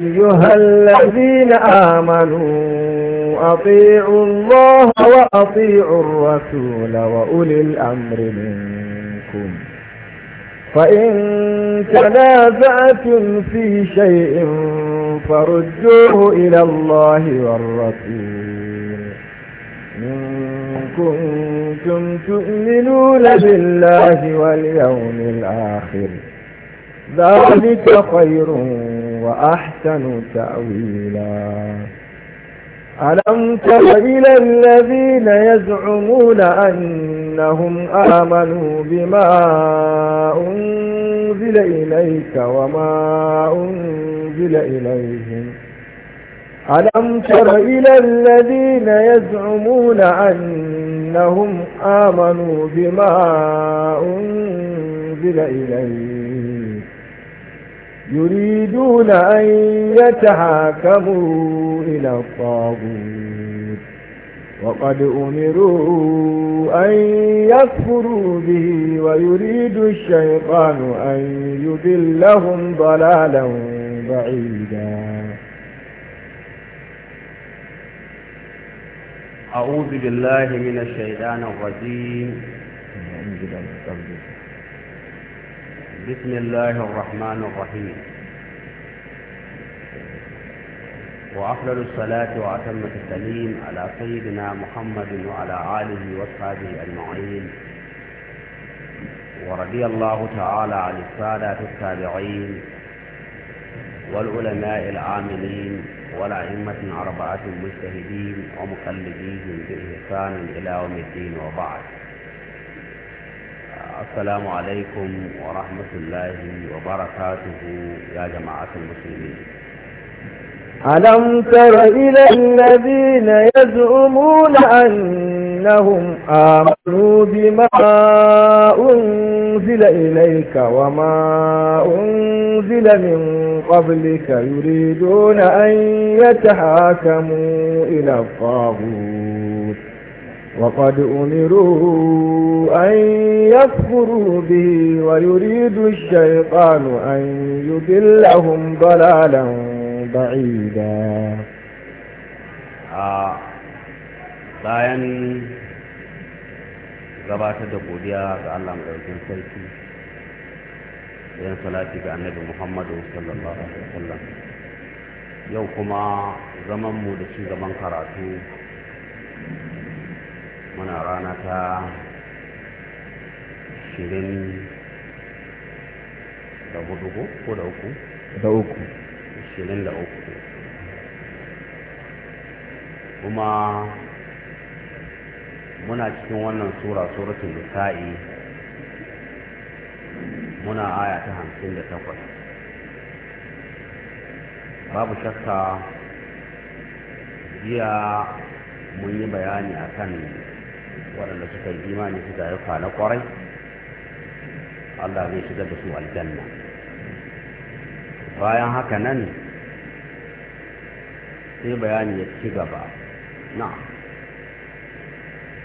أيها الذين آمنوا أطيعوا الله وأطيعوا الرسول وأولي الأمر منكم فإن تنازعتم في شيء فردوه إلى الله والرسول إن كنتم تؤمنون بالله واليوم الآخر ذلك خير وأحسن تأويلا ألم تر إلى الذين يزعمون أنهم آمنوا بما أنزل إليك وما أنزل إليهم ألم تر إلى الذين يزعمون أنهم آمنوا بما أنزل إليهم يريدون أن يتحاكموا إلى الطاغوت وقد أمروا أن يكفروا به ويريد الشيطان أن يذلهم ضلالا بعيدا أعوذ بالله من الشيطان الرجيم نعم، بسم الله الرحمن الرحيم وأفضل الصلاة وأتم التسليم على سيدنا محمد وعلى آله وصحبه أجمعين ورضي الله تعالى عن السادة التابعين والعلماء العاملين والأئمة أربعة المجتهدين ومقلديهم بإحسان إلى يوم الدين وبعد السلام عليكم ورحمة الله وبركاته يا جماعة المسلمين ألم تر إلى الذين يزعمون أنهم آمنوا بما أنزل إليك وما أنزل من قبلك يريدون أن يتحاكموا إلى الطاغوت وقد أمروا أن يكفروا به ويريد الشيطان أن يضلهم ضلالا بعيدا bayan gabatar da godiya ga Allah madaukin sarki yan salati ga annabi Muhammadu sallallahu alaihi wasallam yau kuma zaman mu da ci gaban karatu muna rana ta shirin da hudu ko da uku? da uku shirin da uku kuma muna cikin wannan sura suratun nisa'i muna aya ta hamsin da takwas babu shakka jiya mun yi bayani akan waɗanda suka yi imani suka yi na kwarai Allah zai shigar da su aljanna bayan haka nan sai bayani ya ci gaba na'am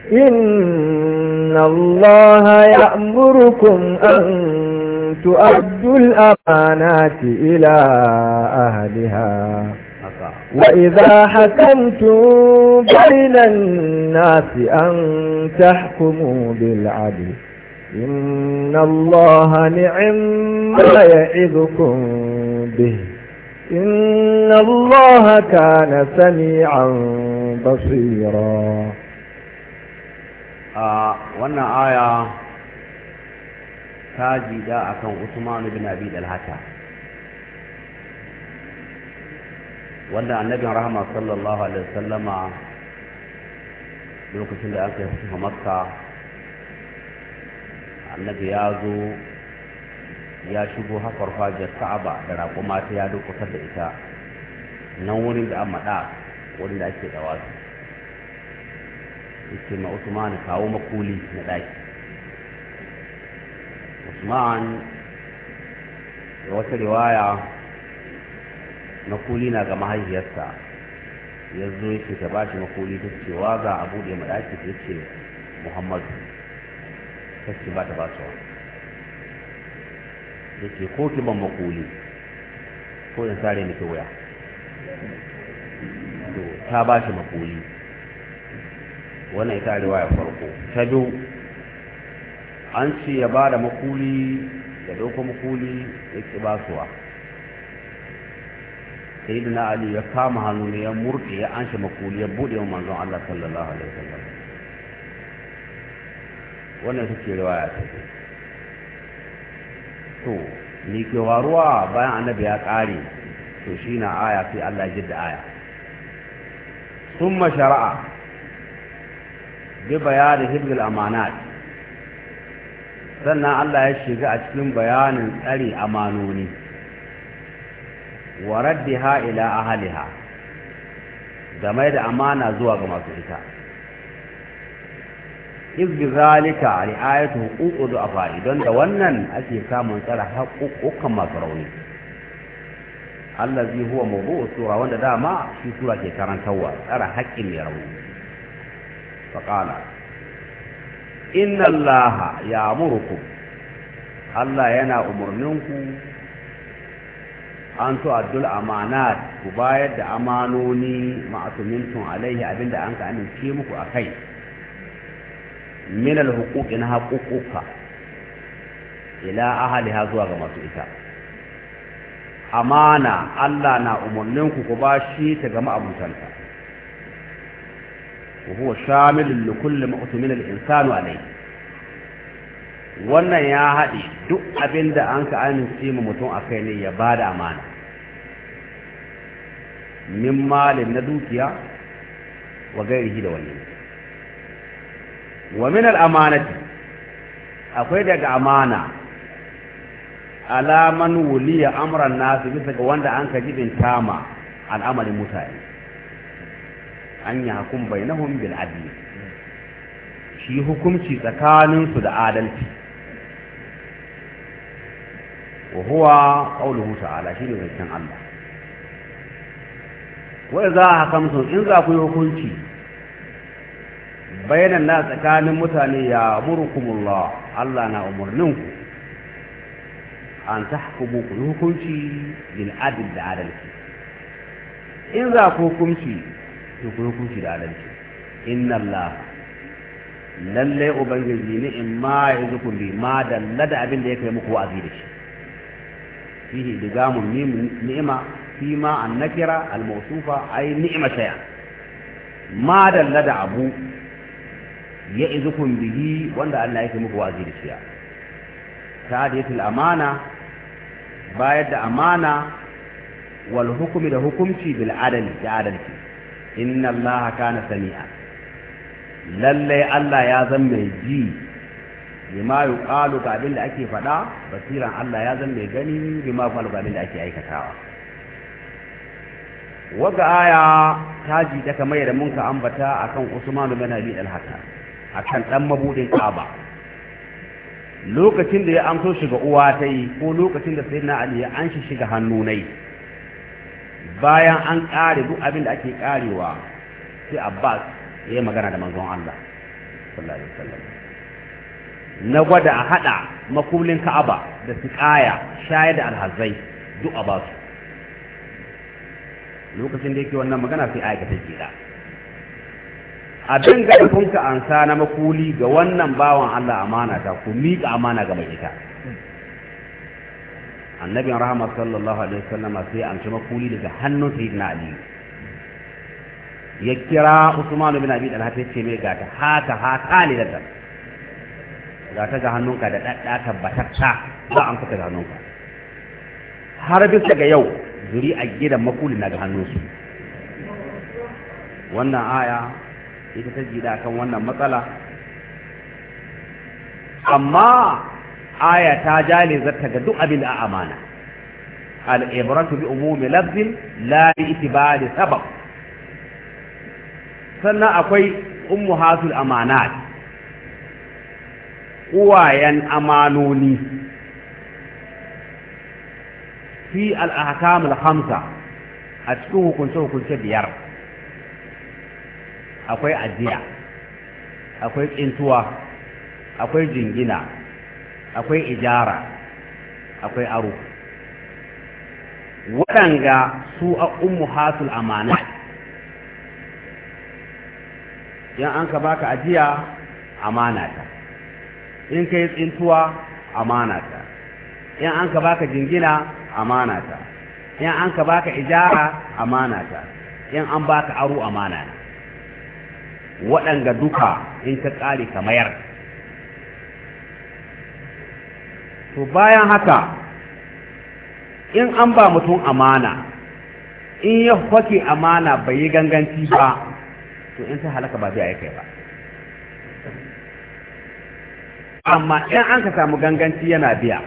إن الله يأمركم أن تؤدوا الأمانات إلى أهلها وإذا حكمتم بين الناس أن تحكموا بالعدل إن الله نعم ما يعظكم به إن الله كان سميعا بصيرا آه وانا آية تاجي داء عثمان بن أبي الهكا wanda annabin rahama sallallahu alaihi wasallama lokacin da aka yi makka annabi ya zo ya shigo hafar fajar ka'aba da raƙuma ta ya dokutar da ita nan wurin da amma da wurin da ake dawa su yake ma usman kawo makuli na ɗaki usman da wata riwaya makuli na ga mahaifiyarsa ya zo ya ce ta ba shi makuli ta ce wa za a bude mu ɗaki ta ce muhammadu ta ce ba ta ba su ya ce ko ki ban makuli ko in sare miki wuya ta ba shi makuli wannan ita ya farko ta biyu an ce ya ba da makuli ya ɗauko makuli ya ƙi basuwa sayyidina ali ya kama hannu ne ya murke ya anshi makuli ya bude wa manzon Allah sallallahu alaihi wasallam wannan take riwaya ta to ni ke waruwa bayan annabi ya kare to shi na aya sai Allah ya jidda aya thumma shara'a bi bayani hibdul amanat sannan Allah ya shiga a cikin bayanin tsari amanoni wa raddiha ila ahliha da da amana zuwa ga masu ita iz bi zalika ri'ayatu huququ du'afa don da wannan ake samun tsara haƙuƙukan masu rauni allazi huwa mawdu'u sura wanda dama shi sura ke karantawa tsara haƙƙin mai rauni faqala inna allaha ya'murukum Allah yana umurninku an so addul amanat ku bayar da amanoni ma'asumintun alaihi abinda an ka amince muku a kai minal hukuki na haƙuƙuka ila ahaliha zuwa ga masu ita amana Allah na umarnin ku ba shi ta gama abutanta wa huwa shamilun li kulli ma'tumin insanu wannan ya haɗe duk abin da an ka amince ma mutum a kai ne ya ba da amana min malin na dukiya wa gairihi da wani. wa min al'amanati akwai daga amana alaman wuliya amran nasu bisa ga wanda an ka jibin tama al'amarin mutane an yi hakun bainahum bil adi shi hukunci tsakaninsu da adalci وهو قوله تعالى شيء shine الله Allah wa إن hakamtum in za ku yi hukunci bayanan la tsakanin mutane ya murkumullah Allah na umurnin ku an tahkumu ku hukunci bil adl da adalci in za ku hukunci lalle ubangiji ne in ma yanzu kun bi ma dalla da abin da ya muku wa'azi da shi فيه لجام ميم نعمة فيما النكرة الموصوفة أي نعمتان ما دل لدى أبو يئذكم به وأن الله يتمك وأزيد الشيء تعدية الأمانة بايد أمانة والحكم ده حكمتي بالعدل بعدلتي إن الله كان سميعا للي الله يا زمي جي bima kalu ga abin da ake faɗa basiran Allah ya zan mai gani bima yuqalu ga abin da ake aikatawa waga aya ta ji ta kamar da mun ka ambata akan Usman bin Ali al a akan dan mabudin Kaaba lokacin da ya amso shiga uwa ta ko lokacin da sayyidina Ali ya anshi shiga hannu nai bayan an kare duk abin da ake karewa sai Abbas ya magana da manzon Allah sallallahu alaihi wasallam na gwada a haɗa makulin ka'aba da su siƙaya shayar da alhazai duk a ba su lokacin da yake wannan magana sai aikata gida a bin kunka ansa na makuli ga wannan bawan Allah amana ta ku miƙa amana ga mai ita annabin rahama sallallahu alaihi wasallama sai an ci makuli daga hannun sayyidina ali ya kira usman bin abi talha ce mai gata haka haka ne da ga ta ga hannunka da ɗaɗɗa tabbatacca ba an fita da hannunka har bisa ga yau zuri a gidan makuli na ga hannunsu wannan aya ita ta jida kan wannan matsala amma aya ta jalizarta ga duk abin da a amana al'ibratu bi umumi lafzin la bi itibari sabab sannan akwai ummu hasul amanat uwayen amanoni fi al'akamul hamsa a cikin hukunce-hukunce biyar akwai ajiya akwai tsintuwa akwai jingina akwai ijara akwai aro waɗanga su a umu hasul amana yan an ka baka ajiya amana ta in ka yi tsintuwa amana ta in an ka baka jingina amana ta in an ka baka ijara amana ta in an baka aro amana na waɗanga duka in ka ƙare ka mayar to bayan haka in an ba mutum amana in ya kwake amana bai yi ganganci ba to in ta halaka ba zai aika ba amma in an ka samu ganganci yana biya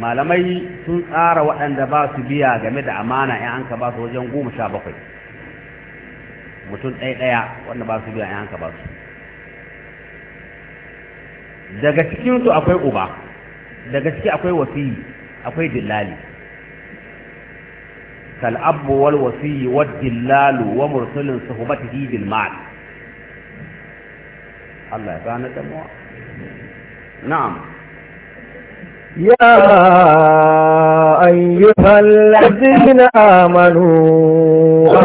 malamai sun tsara waɗanda ba su biya game da amana in an ka ba su wajen goma sha bakwai mutum ɗaya ɗaya wanda ba su biya in an ka ba su daga cikinsu akwai uba daga ciki akwai wasiyi akwai dillali kal'abbu wal wasiyi wa dillalu wa mursalin suhbatihi bil ma'al الله يبانا دموع نعم يا أيها الذين آمنوا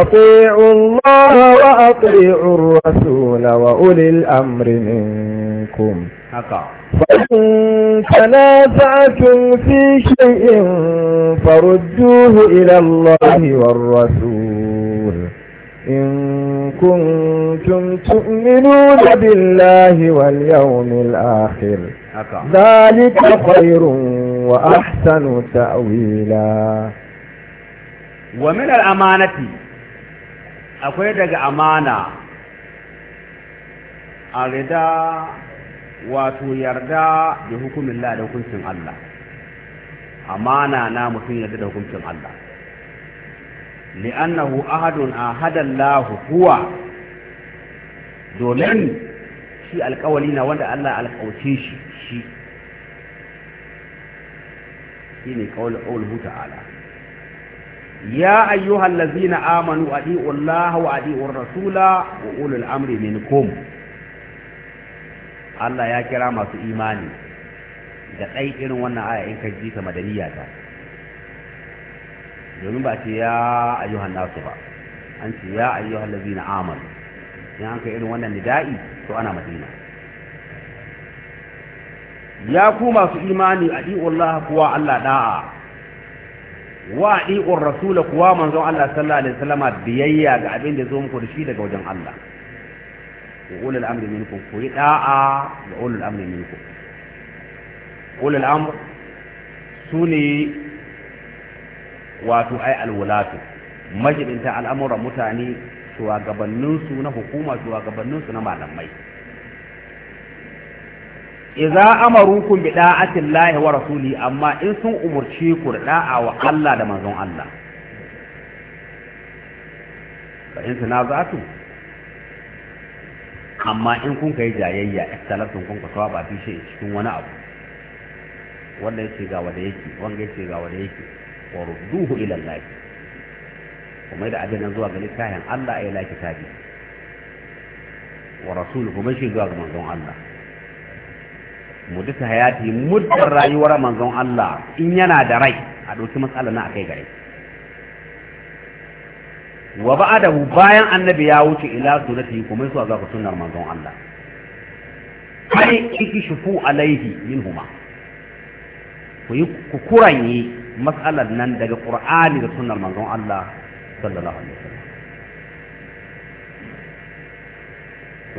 أطيعوا الله وأطيعوا الرسول وأولي الأمر منكم فإن تنازعتم في شيء فردوه إلى الله والرسول إن كنتم تؤمنون بالله واليوم الآخر ذلك خير وأحسن تأويلا ومن الأمانة أقول لك أمانة أردا wato yarda da hukumin Allah da hukuncin Allah amana na mutum yarda da hukuncin Allah li'annahu ahadun ahadallahu huwa domin shi alkawali na wanda Allah alkauce shi shi ne kawal ƙaunuhu ta'ala ya ayyuhal lazina amanu adi'u Allah wa adi'u rasula wa ulul amri minkum Allah ya kira masu imani da ɗai irin wannan aya in ka ji ta madaniya ta domin ba ce ya ayyuhan nasu ba an ce ya ayyuhan lazina amal in an kai irin wannan nida'i to ana madina ya ku masu imani a adi'ullah kuwa Allah da'a wa adi'ur rasul kuwa manzon Allah sallallahu alaihi wasallam biyayya ga abin da zo muku da shi daga wajen Allah wa ulul amri minkum ku yi da'a ga ulul amri minkum ulul amr sune wato ai alwulatu majibinta al'amuran mutane shugabanninsu na hukuma shugabanninsu na malamai idza kun bi da'ati lahi wa rasuli amma in sun umurce ku da da'a wa Allah da manzon Allah fa in tunazatu amma in kun kai jayayya ikhtalafun kun tawa ba fi shi cikin wani abu wanda yake ga wanda yake wanda yake ga wanda yake wa rudduhu ila Allah kuma da abin nan zuwa ga littafin Allah ay la kitabi wa rasuluhu kuma shi zuwa ga manzon Allah duka hayati muddar rayuwar manzon Allah in yana da rai a dauki matsala na akai gare wa ba'adahu bayan annabi ya wuce ila sunnati kuma zuwa ga sunnar manzon Allah ai ikishufu alaihi minhuma ku yi ku matsalar nan daga qur'ani da sunnar manzon Allah sallallahu alaihi wasallam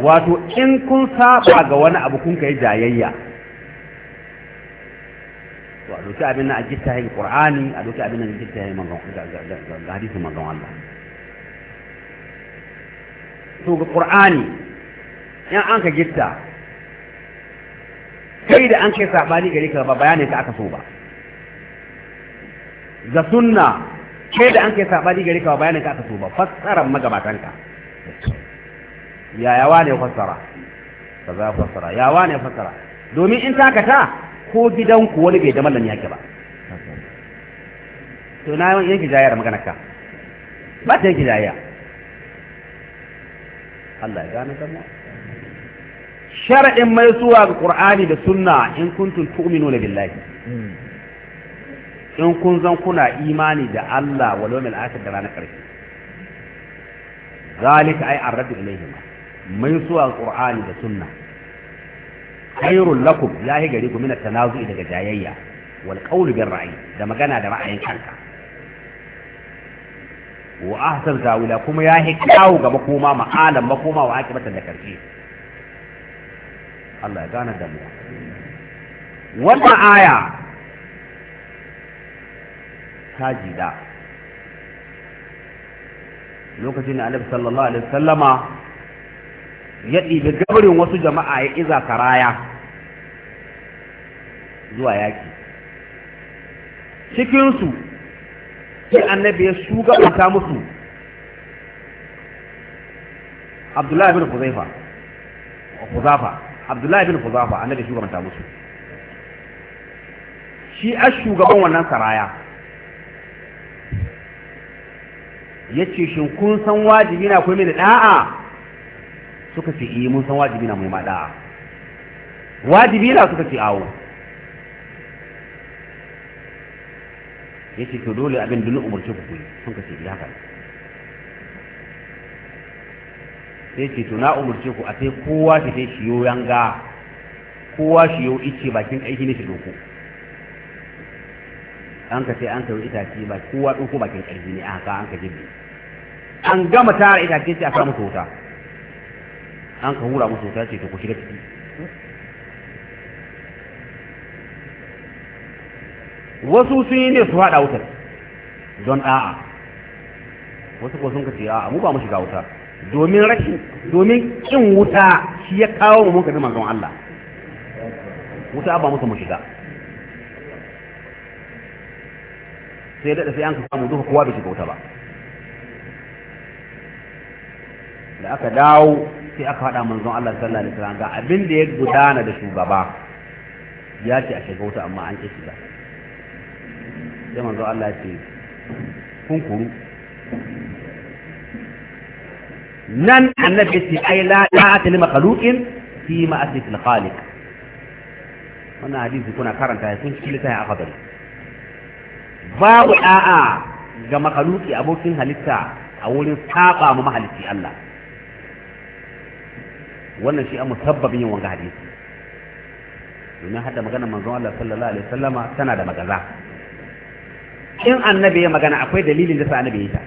wato in kun saba ga wani abu kun kai jayayya to a doki abin nan a gita yin ƙur'ani, a doki abin nan a gita yin manzon ga hadisin manzon Allah to ga qur'ani in an ka gitta kai da an kai saɓani gari ka ba bayanin ka aka so ba ga sunna kai da an kai sabani gare ka bayanin ka aka so ba magabatan ka ya yawa ne fassara ka za fassara yawa ne fassara domin in takata ko gidanku wani bai da mallan yake ba to na yanki jayya da maganar ka ba ta yanki jayya Allah ya gane kan sharaɗin mai zuwa ga Qur'ani da Sunna in kuntum tu'minuna billahi hmm. in kun zan kuna imani da Allah wa mil akhir da ranar ƙarshe zalika ay arradu ilayhim mai suwa qur'ani da sunna khairul lakum lahi gari ku mina tanazu'i daga jayayya wal qawl bil ra'yi da magana da ra'ayin kanka wa ahsan zawila kuma yahi kawo ga makoma ma'alan makoma wa akibatan da ƙarshe Allah ya gane da mu wannan aya sajida lokacin da annabi sallallahu alaihi wasallama ya ɗibi gabarin wasu jama'a ya iza karaya zuwa yaki cikinsu sai annabi ya shugabanta musu abdullahi bin kuzaifa kuzafa abdullahi bin kuzafa annabi shugabanta musu shi a shugaban wannan saraya yace ce shin kun san wajibi na kuma ne da'a suka ce eh mun san wajibi na mu ma da'a wajibi na suka ce awo ya ce to dole abin nuna umarci ku kuyi sun ka ce iya eh, haka sai ce to na umarce ku a sai kowa ta shi yo yanga kowa shi yo ice bakin aiki ne shi doko an ka sai an tawo itace ba kowa ɗauko bakin ƙarfi ne aka an ka jibbe an gama tara itace sai aka musu wuta an ka hura musu wuta ce to ku shiga ciki wasu sun yi ne su haɗa wutar don ɗa'a wasu ko sun ka ce a'a mu ba mu shiga wuta domin rashin domin kin wuta shi ya kawo mu mun ka manzon Allah wuta ba musu mu shiga sai daɗa sai an samu duka kowa bai shiga wuta ba da aka dawo sai aka haɗa manzon Allah sallallahu alaihi wasallam ga abin da ya gudana da shugaba ya ce a shiga wuta amma an ƙi shiga sai manzon Allah ya ce kun kuru nan annabi ce ai la ta'ata li makhluqin fi ma'asif al-khaliq wannan hadisi kuna karanta ya kun cikin littafin akadari babu da'a ga makaluki abokin halitta a wurin saba mu mahalicci Allah wannan shi a musabbabin yin wanga hadisi domin hada magana manzon Allah sallallahu alaihi wasallama tana da magaza in annabi ya magana akwai dalilin da sa annabi ya ta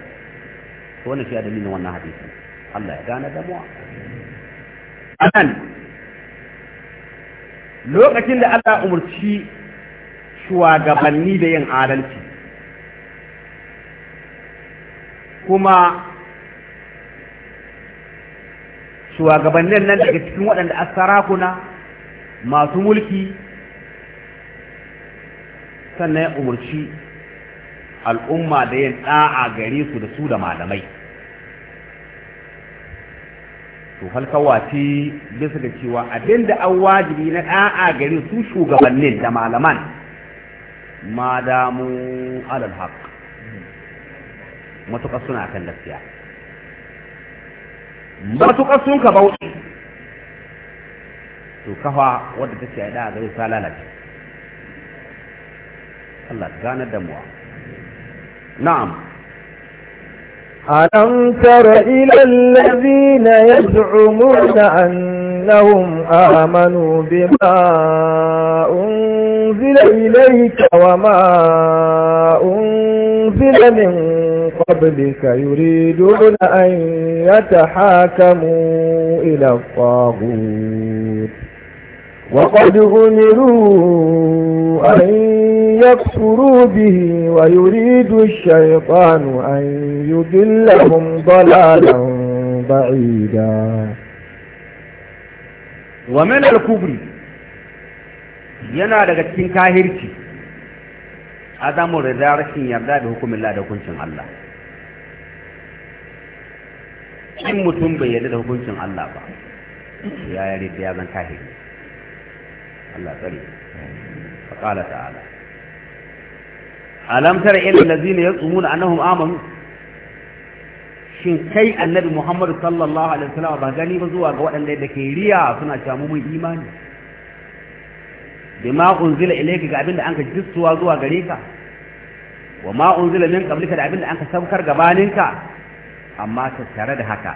to wannan shi a dalilin wannan hadisi Allah ya gane da mu anan lokacin da Allah umurci shuwagabanni da yin adalci kuma shugabannin nan daga cikin waɗanda a sarakuna masu mulki sannan ya umarci al'umma da yin ɗa'a gare su da su da malamai to halkawa ce bisa da cewa abinda an wajibi na ɗa'a gare su shugabannin da malaman ma damu alal haq matuƙar suna kan gaskiya matuƙar sun ka bauɗe to kafa wadda ta ce a ɗaya gari ta lalace Allah ta ganar da muwa na'am ألم تر إلى الذين يزعمون أنهم آمنوا بما أنزل إليك وما أنزل من قبلك يريدون أن يتحاكموا إلى الطاغوت وقد أمروا أن يكفروا به ويريد الشيطان أن يضلهم ضلالا بعيدا ومن الكبر yana daga cikin kahirci azamu da rashin yarda da hukumin Allah da hukuncin Allah in mutum bai yarda da hukuncin Allah ba ya yare da ya zan kahiri Allah tsare fa qala ta'ala alam tara ila allazina yasumuna annahum amanu shin kai annabi Muhammad sallallahu alaihi wasallam ba gani ba zuwa ga waɗanda da ke riya suna cewa mun imani bima unzila ilayka ga abinda anka jissuwa zuwa gare ka wa ma unzila min qablika da abinda anka sabkar gabaninka amma tattare da haka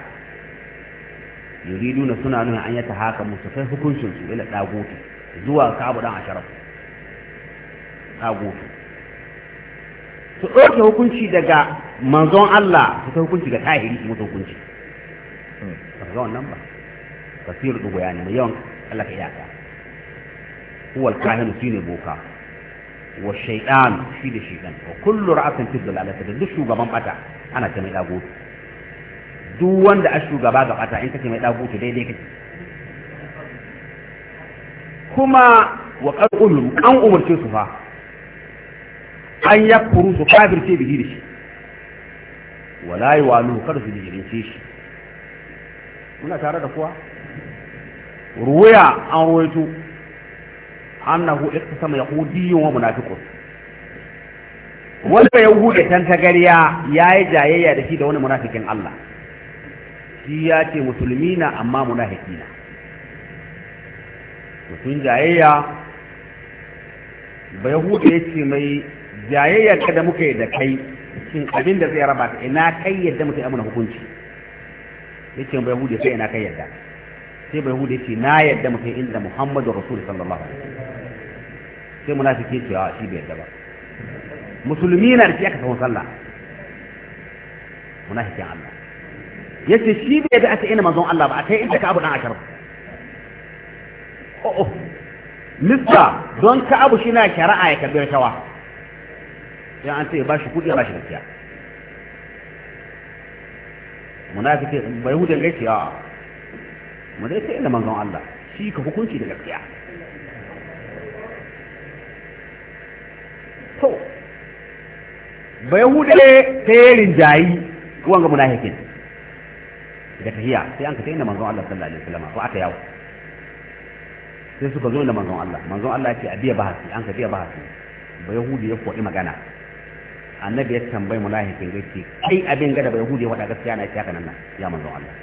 yuriduna suna nuna an yata haka musu kai hukuncin su ila dagutu zuwa kabu dan asharaf dagutu su ɗauke hukunci daga manzon Allah su kai hukunci ga tahiri su mutu hukunci ba ga wannan ba kasiru dugo ya ne yawan Allah ka iyaka huwa al-kahin shine boka wa shaytan shi da shaytan wa kullu ra'atin fi dhalalati da duk shugaban bata ana ta mai dagutu duk wanda a shugaba ga fata in kace mai ta daidai kace kuma wa qad ulum an umurce su fa an yakfuru su kafirce bi da shi wala yawalu kar su jirince shi muna tare da kuwa ruwaya an ruwaito annahu iqtasama yahudiyyun wa munafiqun wanda yahuda tan yayi jayayya da shi da wani munafikin Allah shi ya ce musulmi na amma munafiki na mutum jayayya bai hudu ya ce mai jayayyar ka da muka yi da kai shin abin da zai raba ina kai yadda mutum amina hukunci ya ce bai hude sai ina kai yadda sai bai ya ce na yadda mutum inda muhammadu rasul sallallahu alaihi wasallam sai munafiki ce a ah, shi bai yadda ba musulmi na da shi aka samu sallah munafikin Allah yace shi bai da aka ina manzon Allah ba akai inda Ka'abu dan Ashar oh oh lissa don Ka'abu shi na shari'a ya karbi rashawa dan an ce ba shi kudi ba shi gaskiya munafiki bai hudin gaci a mu dai sai da manzon Allah shi ka hukunci da gaskiya to bai hude ta yarin jayi wanga munafikin da tahiya sai an ka tayi da manzon Allah sallallahu alaihi wasallam ko aka yawo sai suka zo da manzon Allah manzon Allah ce a biya bahasi an ka biya bahasi ba yahudi ya koyi magana annabi ya tambayi mulahikin gaske kai abin gada ba yahudi ya wada gaskiya na ya nan ya manzon Allah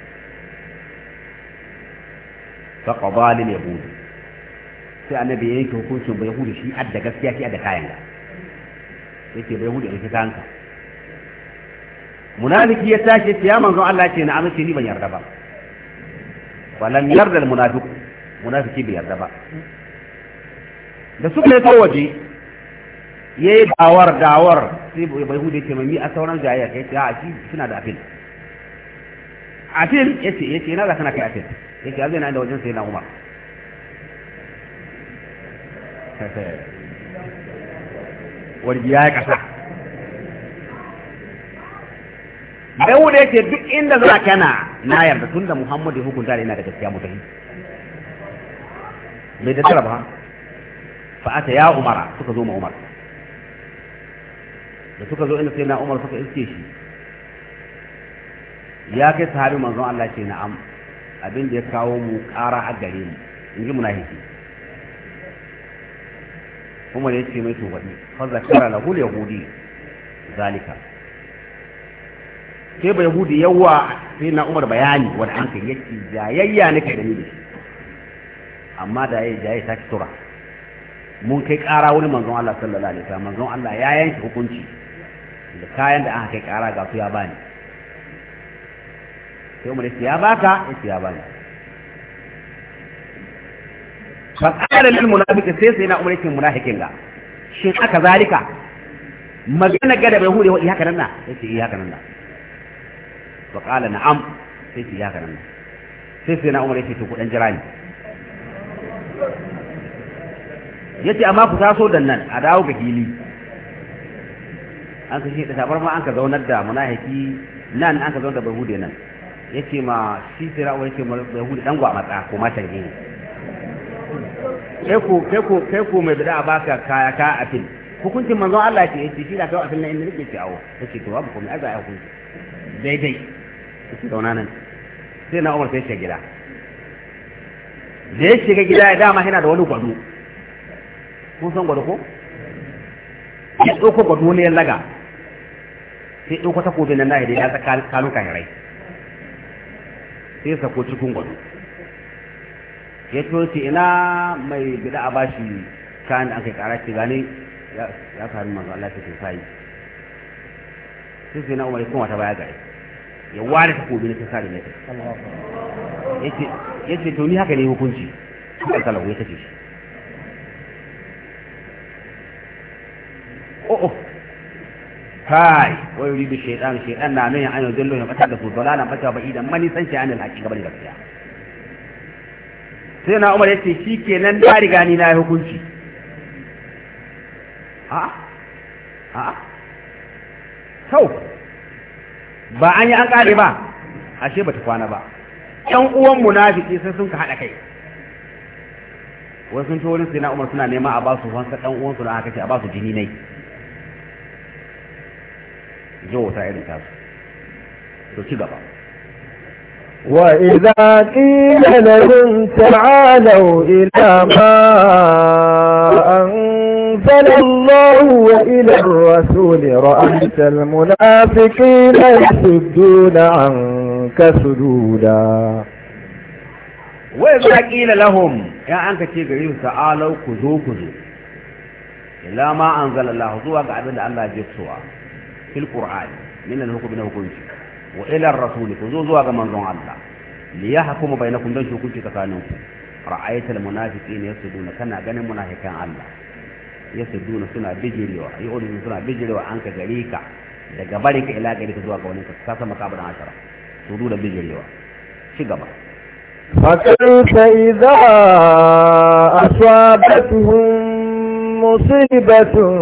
fa qada lil yahudi sai annabi ya yanke hukuncin ba yahudi shi adda gaskiya shi adda kayan ga yake ba yahudi a ka kanka munafiki ya tashi ya manzon Allah ce na amince ni ban yarda ba walam yarda almunafiq munafiki bai yarda ba da suka yi waje yayi dawar dawar sai bai hude ce mai a sauran jayya kai ta a suna da afil afil yace yace na za kana kai afil yace azai na da wajen sai na Umar wani ya kasa bai wuda yace duk inda za kana na yarda tun tunda Muhammadu hukunta da ina da gaskiya mutane bai da tarba fa ata ya umara suka zo ma umar da suka zo inda sai na umar suka iske shi ya kai sahabi manzon Allah ce na'am abin da ya kawo mu ƙara a gare mu in ji hiki umar ya ce mai to wadi fa zakara lahu yahudi zalika sai ba yahudi yawa sai na umar bayani wani an kai yake jayayya na kai da ni amma da yayi jayayi ta tura mun kai ƙara wani manzon Allah sallallahu alaihi wasallam manzon Allah ya yanke hukunci da kayan da aka kai ƙara ga su ya bani sai umar ya baka ya ya bani fasala lil munafiqi sai sai na umar yake munafikin ga shin aka zalika magana ga da bai hure haka nan na yace haka nan na fa qala na'am sai ki ya nan sai sai na umar yace to ku dan jira ni yace amma ku taso dan nan a dawo ga hili an ka shi da tabar ma an ka zaunar da munafiki nan an ka zaunar da bude nan yace ma shi sai ra'u yace ma bude dan gwa matsa ko ma tange kai ko kai ko kai ko mai bid'a baka kaya ka a fil hukuncin manzon Allah ce yi shi da kai a fil nan inda nake ci awo yace to babu komai azai hukunci daidai su zauna nan sai na umar sai shiga gida da ya shiga gida ya dama yana da wani gwado kun san gwado ko ya ɗauko gwado wani ya laga sai ɗauko ta takobin nan nahi da ya tsaka kanun kahirai sai sako cikin gwado ya ce ina mai bida a bashi kayan da aka yi kara ce gane ya sami manzo Allah ta ce sai sai na umar ya kuma ta baya gare ya ware ta kobe na ta sare ne ya ce to ni haka ne hukunci suka kala ya kace shi o'o oh, oh. kai wani ribi shaidan shaidan na nan ainihin yadullu ya bata da su na bata ba idan mani san shaidan anil haƙi gabar gaskiya sai na umar ya yace shikenan da riga ni na yi hukunci a a sau ba an yi an kare ba ashe bata kwana ba ƴan uwan munafiki sai sun ka haɗa kai wasu sun sai na Umar suna nema a basu wansa ɗan uwan su na aka ce a basu jini nai jiwo ta irin tasu to ci gaba وإذا قيل لهم تعالوا إلى ما أنزل الله وإلى الرسول رأيت المنافقين يصدون عنك سدودا وإذا قيل لهم يا أنك تيغيهم تعالوا كذو كذو إلى ما أنزل الله ذو قاعد الله جبسوا في القرآن من الحكم من الحكم وإلى الرسول فزوزوا كمن دون الله ليحكم بينكم دون شكوك تكانوا رأيت المنافقين يصدون كان أغنى منافقا الله يصدون سنة بجري يقول سنة بجري وعنك جريك لقبلك إلا جريك زوا قولك ساسا مقابل عشرة سدود بجري شقبا فكيف إذا أصابتهم مصيبة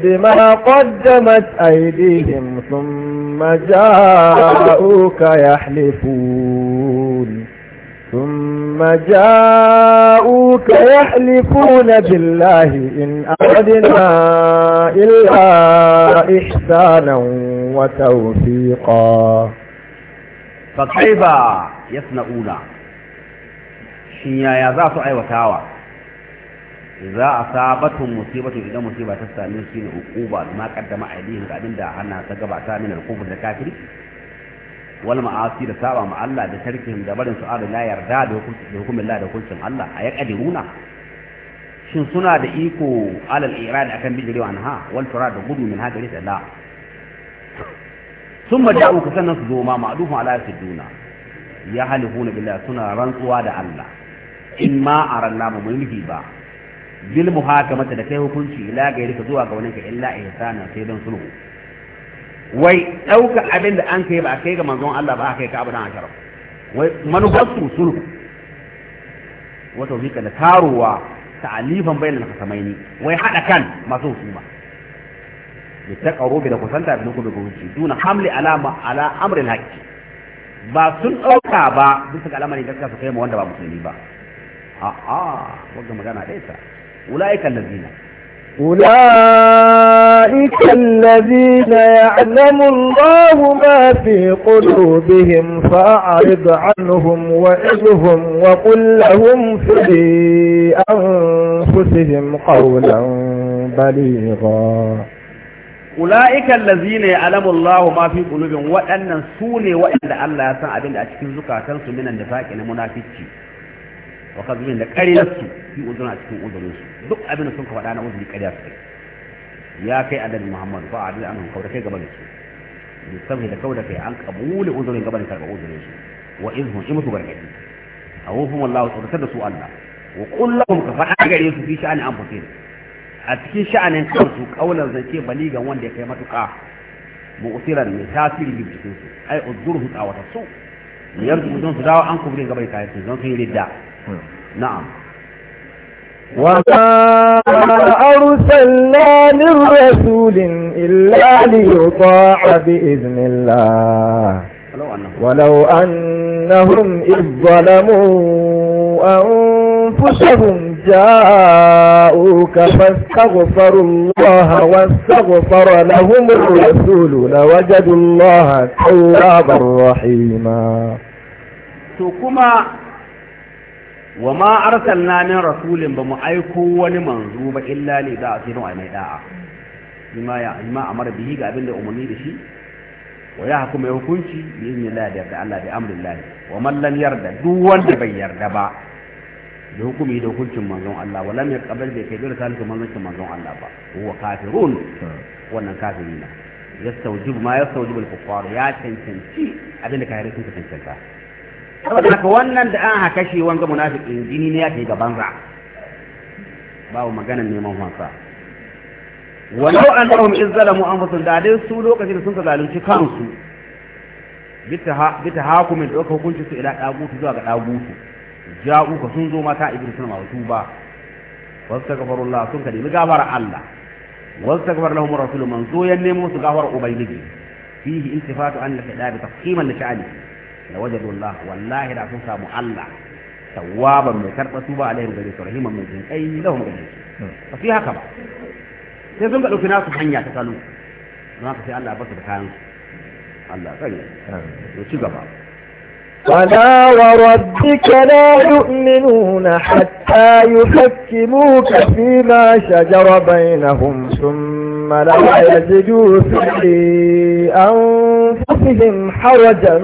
بما قدمت أيديهم ثم جاءوك يحلفون ثم جاءوك يحلفون بالله إن أردنا إلا إحسانا وتوفيقا فكيف يصنعون شيئا يا ذات أي أيوة وتاوى za a sabatun musibatu idan musiba ta same shi ne uquba ma kaddama aidihim ga da hana ta gabata min al da kafiri wal ma'asi da saba ma Allah da tarkihim da barin su la yarda da hukumin Allah da hukuncin Allah a yaqdiruna shin suna da iko alal irad akan bijirewa anha wal turad gudu min hadari da la thumma da'u kasanna su zo ma ma'dufu ala siduna ya halifuna billah suna rantsuwa da Allah in ma aralla mu mulki ba bil muhakamata da kai hukunci ila gairi ka zuwa ga wani ka illa ihsana sai don sulhu wai dauka abin da an kai ba kai ga manzon Allah ba kai ka abu dan asharaf wai manufarsu sulhu wa tawfika da taruwa ta'alifan bainal kasamaini wai hada kan masu husuma bi taqarrubi da kusanta bi nuku bi gunci duna hamli alama ala amril haqqi ba sun dauka ba bisa ga al'amarin gaskiya su kai mu wanda ba musulmi ba a'a wanda magana dai ta أولئك الذين أولئك الذين يعلم الله ما في قلوبهم فأعرض عنهم وإذهم وقل لهم في أنفسهم قولا بليغا أولئك الذين يعلم الله ما في قلوبهم وأن سوني وإن الله يسعى بين أشكين زكاة من النفاق المنافقين وقد من ذكر نفسه fi uzuna a cikin uzurin duk abin da sun ka faɗa na uzuri ƙarya su kai ya kai annabi muhammad kai su da kai an uzurin wa gargadi da su allah wa ka faɗa gare su fi sha'ani a cikin sha'anin kansu zance wanda ya kai matuƙa mu'siran mai tasiri bi cikin su ai tsawata su su dawo an kayan su don sun yi ridda hmm. na'am وما أرسلنا من رسول إلا ليطاع بإذن الله ولو أنهم إذ ظلموا أنفسهم جاءوك فاستغفروا الله واستغفر لهم الرسول لوجدوا الله توابا رحيما wa ma arsalna min rasulin ba mu aiko wani manzo ba illa li da asirin ai mai da'a bima ya amma amar bihi ga abin da umarni da shi wa ya hukuma ya hukunci bi iznillah da yarda Allah da amrillah wa man lam yarda duk wanda bai yarda ba da hukumi da hukuncin manzon Allah wa lam yaqbal da kai dole kalka manzon manzon Allah ba huwa kafirun wannan kafiri ne yastawjib ma yastawjib al-kuffar ya cancanci abin da kafirai sun cancanta saboda haka wannan da an haka shi wanga munafiqin jini ne ya kai ga banza babu maganar neman wasa walau annahum iz zalamu anfusahum da dai su lokacin da sun ka zalunci kansu bita hakumin da doka hukunci su ila ɗagutu zuwa ga ɗagutu ja'u ka sun zo mata ibn suna masu ba wasu ta Allah sun ka nemi gafara Allah wasu ta gafarun Allahumma rasulun manzo ya nemo su gafara ubangiji fihi intifatu an lafi ɗabi tafkiman da sha'ani لوجدوا الله والله لا تنسى الله توابا من كرب توبا عليهم غير رحيما من جن اي لهم غير ففي هكذا sai sun في ناس nasu hanya ta في الله بس sai الله basu da kayan Allah فلا وربك لا يؤمنون حتى يحكموك فيما شجر بينهم ثم لا يجدوا في أنفسهم حرجا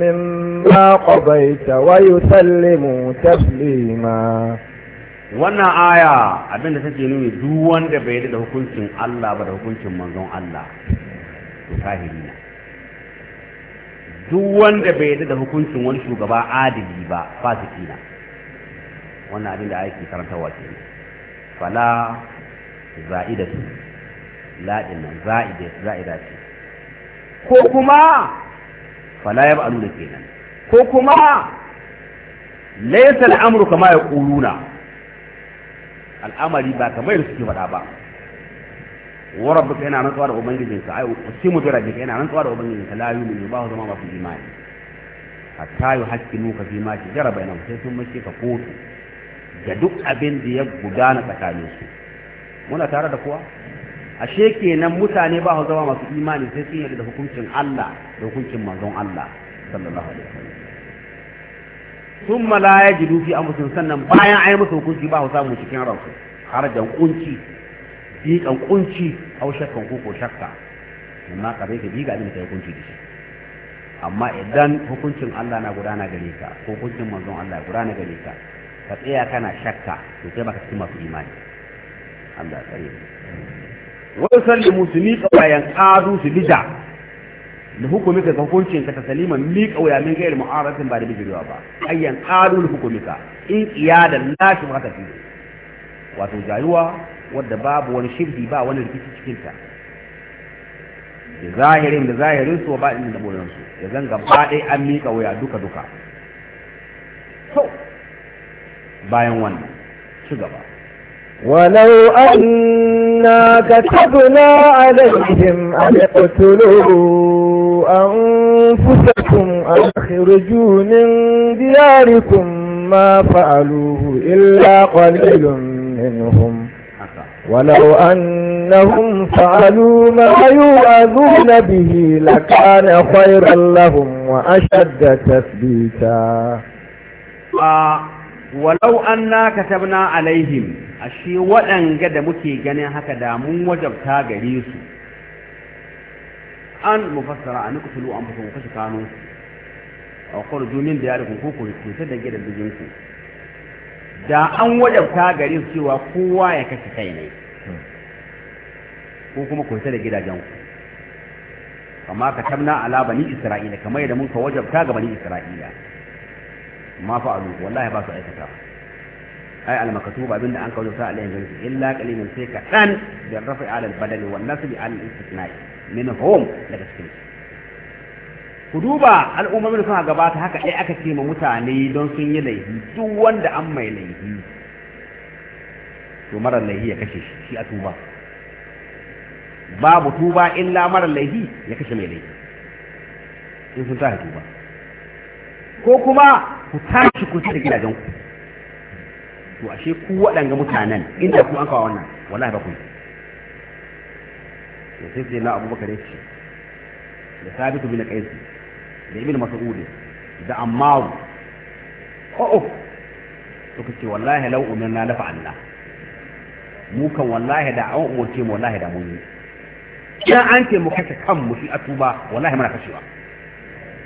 مما ما قضيت ويسلموا تسليما wannan aya abinda take nuni duk wanda bai yarda da hukuncin Allah ba da hukuncin manzon Allah to kafiri ne duk wanda bai yarda da hukuncin wani shugaba adili ba fasiki ne wannan abin da ake karantawa ke fala za'idatu la inna za'ida za'ida ce ko kuma fala yab'alu kenan ko kuma laysa al'amru kama yaquluna al'amari ba kama yadda suke faɗa ba wa rabbuka yana rantsuwa da ubangijinka ai mu bi jika yana rantsuwa da ubangijinka la ne ba zama ba su imani hatta nuka fi ma tajara bainahum sai sun mace ka kotu da duk abin da ya gudana tsakanin su muna tare da kowa ashe kenan mutane ba su zama masu imani sai sun yarda da hukuncin Allah da hukuncin manzon Allah sallallahu alaihi wasallam thumma la yajidu fi anfusihim sannan bayan ayi musu hukunci ba hausa samu cikin ransu harajan kunci dikan kunci au shakkan ko shakka amma kare ka diga abin da yi kunci da shi amma idan hukuncin Allah na gudana gare ka ko hukuncin manzon Allah gudana gare ka ka tsaya kana shakka to sai baka cikin masu imani Allah ya tsare wa yusallimu sunni qawayan qadu su bija da hukumika ka hukuncin ka salima mi kauya min gairi mu'aratin ba da bijirewa ba ayyan qalul hukumika in qiyadan la ta fi wato jayuwa wadda babu wani shirki ba wani rikici cikin ta da zahirin da zahirin su ba inda bolan su ya zanga ba dai an mi kauya duka duka to bayan wannan ci gaba ولو أنا كتبنا عليهم أن اقتلوا أنفسكم أن اخرجوا من دياركم ما فعلوه إلا قليل منهم ولو أنهم فعلوا ما يؤذون به لكان خيرا لهم وأشد تثبيتا آه. walau an na katabna alaihim a shi waɗanga da muke ganin haka da mun wajabta gare su an mufassara a tulu an fasa kashe kano a kwaru junin da ya da kuku ku kusa da gidan ku da an wajabta gare su cewa kowa ya kashe kai ne ko kuma kusa da gidajenku amma katabna ala bani isra'ila kamar yadda mun ka wajabta ga bani isra'ila ma fa'alu wallahi ba su aikata ai al-maktub abinda an kawo sa alayhi gari illa qalilan sai ka dan da rafi ala al-badal wa nasb ala al-istithna minhum daga cikin ku duba al'ummomin suna gabata haka dai aka ce ma mutane don sun yi laifi duk wanda an mai laifi to mara laifi ya kashe shi a tuba babu tuba illa mara laifi ya kashe mai laifi in sun tashi tuba ko kuma ku tashi ku tafi gidajen ku to ashe ku waɗanga mutanen inda ku an kawo wannan wallahi ba ku to sai sai na abubakar ya ce da sabitu bin qais da ibn mas'ud da ammar o'o oh, oh. to ce wallahi law umirna la fa'alna mu kan wallahi da an umurce mu wallahi da mun yi idan an ce mu kashe mu shi atuba wallahi muna kashewa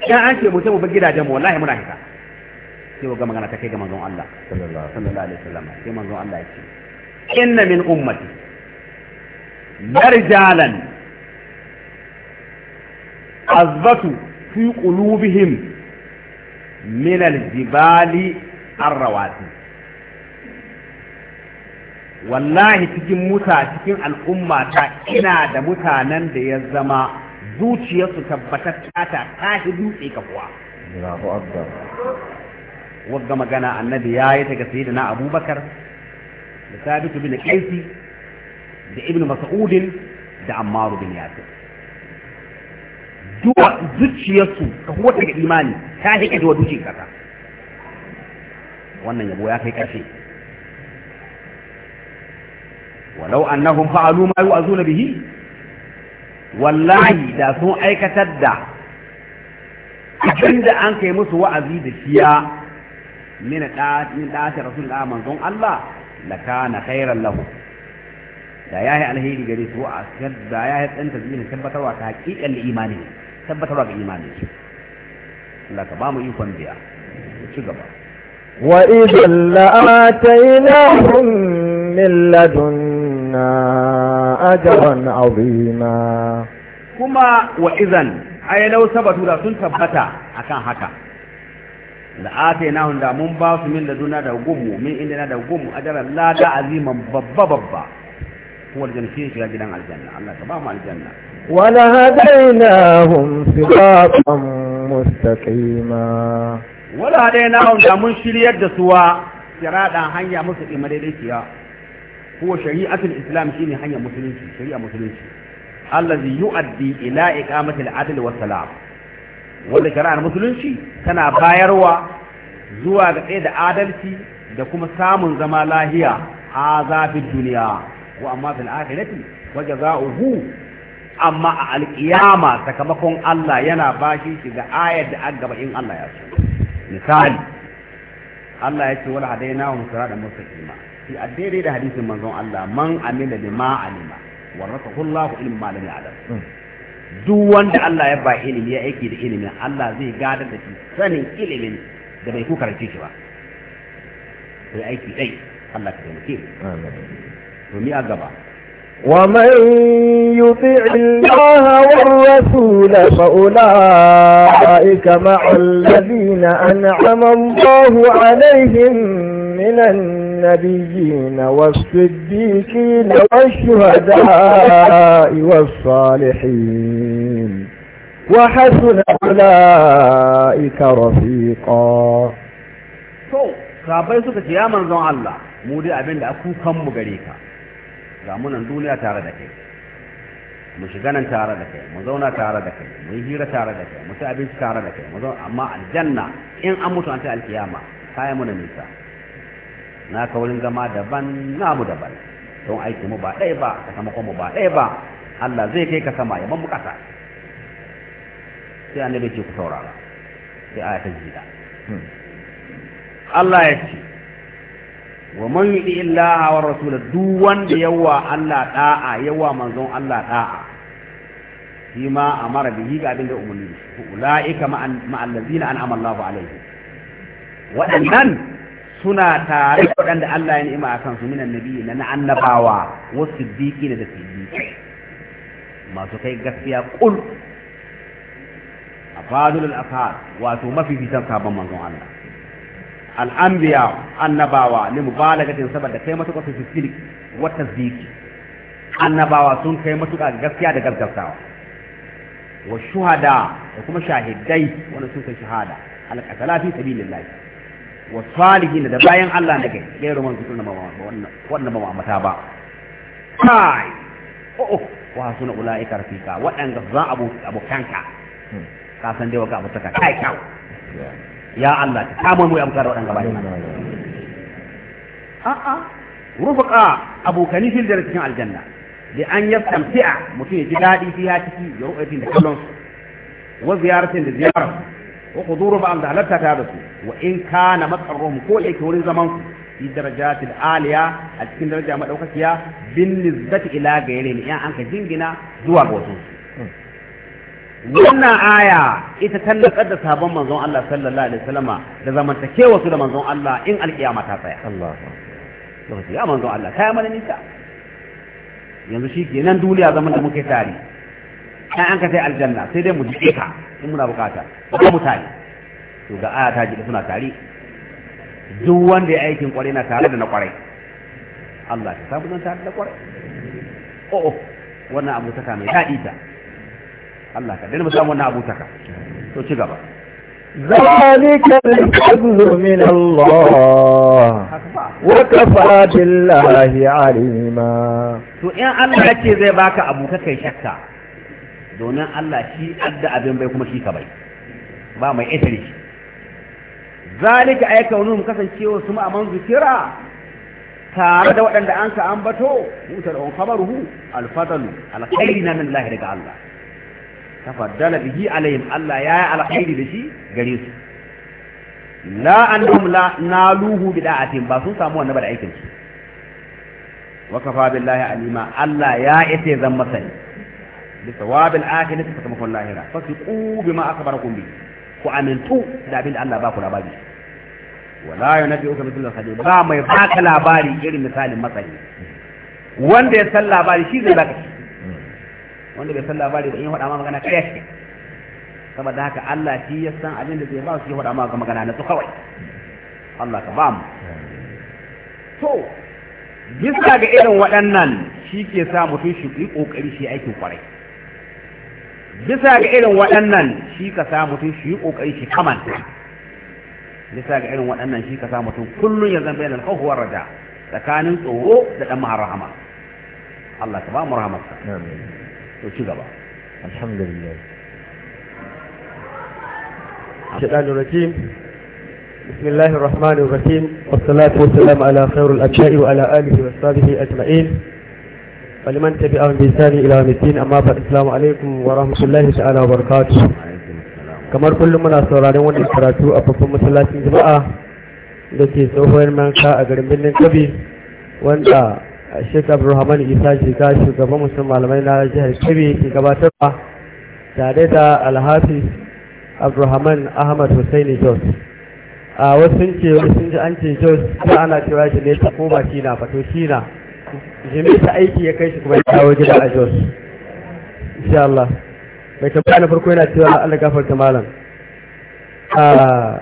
ya an ce mu sai mu bar gidajen mu wallahi muna hita sai ga magana ta kai ga manzon Allah sallallahu alaihi wasallam sai manzon Allah ya ce inna min ummati yarjalan azbatu fi qulubihim min aljibali arrawati wallahi cikin muta cikin al'umma ta ina da mutanen da ya zama zuciyarsu tabbatar tata ta shi dutse ka kuwa wagga magana annabi ya yi ta ga na abubakar da sabitu bin qaisi da Ibn mas'udin da ammaru bin yasir duwa zuciyarsu ka kuwa ta imani ta hi ka duwa dutse kasa. wannan yabo ya kai ƙarshe ولو أنهم فعلوا ما يؤذون به wallahi da sun aikatar da abinda an kai musu wa'azi da shiya min ɗata rasulullah manzon Allah lakana khairan lahu da yayi alheri gare su a da yayi dan tabbata tabbatarwa ta hakikan imani tabbatarwa ga imani Allah ka ba mu ikon biya ci gaba wa idh la'atainahum min ladun na ajaban auzina kuma wa izan ai lau sabatu da sun tabbata akan haka la ate na hunda mun ba su min da da gugu mu'min inda da gugu mu ajara la da aziman babba babba ko wajen ke shi gidan aljanna Allah ka ba mu aljanna wala hadaina hum siratan mustaqima wala hadaina hum da mun shiryar da suwa siradan hanya musu imare da huwa shari'atul islam shine hanyar musulunci shari'a musulunci allazi yu'addi ila iqamati al-adl wa wanda shari'ar musulunci tana bayarwa zuwa ga tsaye da adalci da kuma samun zama lahiya a zafin duniya wa amma fil akhirati wa jazaohu amma a alkiyama sakamakon Allah yana bashi shi ga ayar da an gaba in Allah ya so misali Allah ya ce wala hadaina wa da mustaqima shi a daidai da hadisin manzon Allah man amila bi ma alima warakahu Allah ilmi ma lam hmm. duk wanda Allah ya ba ilimi ya a da ilimin Allah zai gadar da shi sanin ilimin da bai ba sai aiki dai a gaba ومن يطع الله والرسول فأولئك مع الذين أنعم الله عليهم من الناس والنبيين والصديقين والشهداء والصالحين وحسن أولئك رفيقا to sabai suka ce ya Allah mu dai abin da aku kanmu gare ka ga munan duniya tare da kai mu shiga nan tare da kai mu zauna tare da kai mu yi hira tare mu ci abinci tare mu zauna amma aljanna in an mutu an alkiyama kayan mu na nisa na ka wurin zama daban namu daban don aiki mu ba ɗaya ba sakamakon mu ba ɗaya ba Allah zai kai ka sama ya ban mu ƙasa sai annabi ce ku saurara sai aya ta jida hmm. Allah ya ce wa man yuti illaha wa rasula duk wanda yawa Allah da'a yawa manzon Allah da'a shi ma a mara bihi ga abin da umarni ulaika ma'allazina an amalla ba alaihi waɗannan suna tare da waɗanda Allah ya ni'ima akan su minan nabi na annabawa wasu siddiqi da siddiqi masu kai gaskiya kul afadul afad wato mafi fitan sabon manzon Allah al anbiya annabawa li mubalagatin saboda kai matuƙa su siddiqi wa tasdiqi annabawa sun kai matuƙa gaskiya da gaskatawa wa shuhada da kuma shahidai wanda sun kai shahada al qatala fi sabilillah wa salihin da bayan Allah na gai gairu man zikir na wannan ba mata ba kai oh, oh wa suna ulaika rafika waɗanda za abu abokanka hmm. ka san dai wa abu ta kai kyau ya Allah ka kama mu amsa da waɗanda bayan a a rufaqa abokani fil da cikin aljanna da an yastamti'a mutum ya ji daɗi fiya ciki ya ru'ayatin da kallon wa ziyaratin da ziyarar wa huduru ba'am da halatta ta da su wa in kana matsaruhum ko yake wurin zaman ku fi darajatil aliya a cikin daraja madaukakiya bin nisbati ila gairi ne an ka jingina zuwa ga wasu wannan aya ita tallafar da sabon manzon Allah sallallahu alaihi wasallama da zamantakewa su da manzon Allah in alkiyama ta tsaya ya manzon Allah kai mana nisa yanzu shi kenan duniya zaman da muke tare ai an ka sai aljanna sai dai mu ji ka in muna bukata ba mutane to ga aya ta jiki suna tare duk wanda ya aikin kwarai na tare da na kwarai Allah ta samu nan tare da kwarai oh oh wannan abu mai daɗi ta Allah ka dai mu samu wannan ka to ci gaba ذلك الفضل من الله وكفى بالله عليما to in Allah yake zai baka abu kakai shakka domin Allah shi adda abin bai kuma shi ka bai ba mai itari zalika ay kaunun kasancewa su ma'aman zikira tare da waɗanda an ka ambato mutar on khabaruhu alfadalu alkhairi na min lahi daga Allah tafaddala bihi alaihim Allah ya yi alkhairi da shi gare su la annahum la naluhu bida'atin ba sun samu wannan ba da aikin su wa kafa billahi alima Allah ya ite zan masani bisawabil akhirah sakamakon lahira fasiqu bima ku bi ma kumbi ku amintu da abin da Allah ba ku labari wala yana uka yunabbi'uka mithlu khabir ba mai baka labari irin misalin masani wanda ya san labari shi zai baka wanda bai san labari ba in faɗa ma magana kai shi saboda haka Allah shi ya san abin da zai ba su faɗa ma magana na su kawai Allah ka ba mu to bisa ga irin waɗannan shi ke sa mutum shi ƙoƙari shi aikin kwarai bisa ga irin waɗannan shi ka sa mutum shi yi ƙoƙari shi kamanta bisa ga irin waɗannan shi ka sa mutum kullum ya zama yanar kawuwar raja tsakanin tsoro da ɗan mahar rahama Allah ka ba mu rahamarsa to ci gaba alhamdulillah الشيطان الرجيم بسم الله الرحمن الرحيم والصلاة والسلام على خير الأبشاء وعلى آله وصحبه أجمعين ولمن تبعهم bisa إلى يوم الدين أما بعد السلام عليكم ورحمة الله تعالى وبركاته kamar kullum muna sauraron wannan karatu a babban masallacin jama'a da ke tsohon manka a garin birnin kabi wanda sheik abdulrahman isa shiga shugaban musamman malamai na jihar kabi ke gabatarwa tare da Alhafi abdulrahman ahmad hussaini jos a wasu sun ce an ce jos ana cewa shi ne ta shi na fato shi na jimisa aiki ya kai shi kuma ya kawo gida a jos insha Allah mai tabbata na farko yana cewa Allah gafarta malam ah,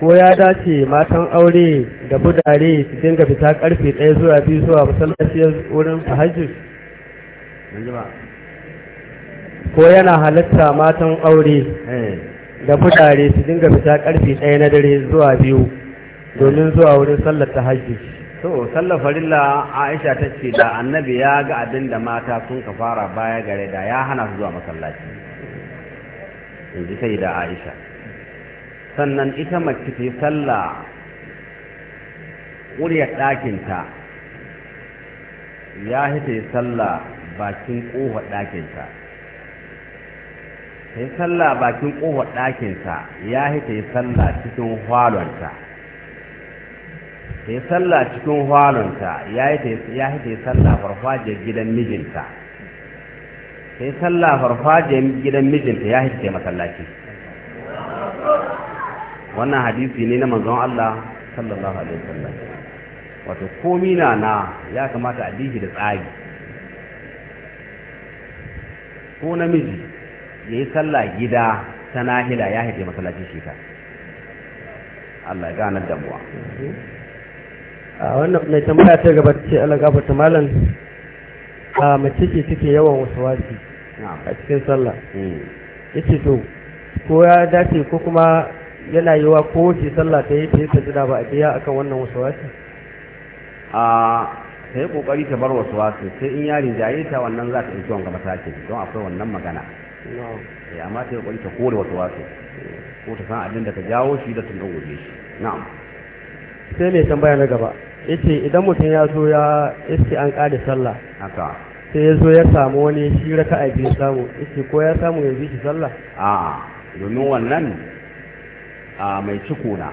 ko ya dace matan aure da budare su dinga fita karfe ɗaya zuwa biyu zuwa masallaciyar wurin tahajjud ko yana halatta matan aure eh. da budare su dinga fita karfe ɗaya na dare zuwa biyu domin zuwa wurin sallar Hajji? to sallar farilla aisha ta ce da annabi ya ga abin da mata sun ka fara baya gare da ya hana su zuwa masallaci in ji sai da aisha sannan ita mace ta yi sallah ƙuryar ɗakinta ya hita yi sallah bakin ƙofar ɗakinta ta yi sallah bakin ƙofar ɗakinta ya hita yi sallah cikin hwalonta ta yi sallah cikin hwalonta ya yi ta yi sallah farfajiyar gidan mijinta ta yi sallah farfajiyar gidan mijinta ya yi ta yi masallaci wannan hadisi ne na manzon Allah sallallahu alaihi wasallam wato komi na na ya kamata a dihi da tsari ko namiji ya yi sallah gida ta nahila ya yi masallaci shi ka Allah ya ganar damuwa. a wannan mai tambaya ta gaba ce Allah ta malan, a mace ce take yawan wasu wasi a cikin sallah hmm. ce to ko ya dace ko kuma yana yi wa kowace sallah ta yi ta yi sajida ba a biya akan wannan wasu wasi a ta yi kokari ta bar wasu wasu sai in yarin jaye ta wannan za ta yi zuwan gaba take don akwai wannan magana ya eh, amma ta yi kokari ta kore wasu wasu ko ta san abin da ta jawo shi da tun gobe shi na'am sai mai tambaya na gaba yace idan mutum ya zo ya iske an kada sallah sai ya zo ya samu wani shi raka a biyu samu yace ko ya samu ya zuci shi sallah a domin wannan a mai ciko na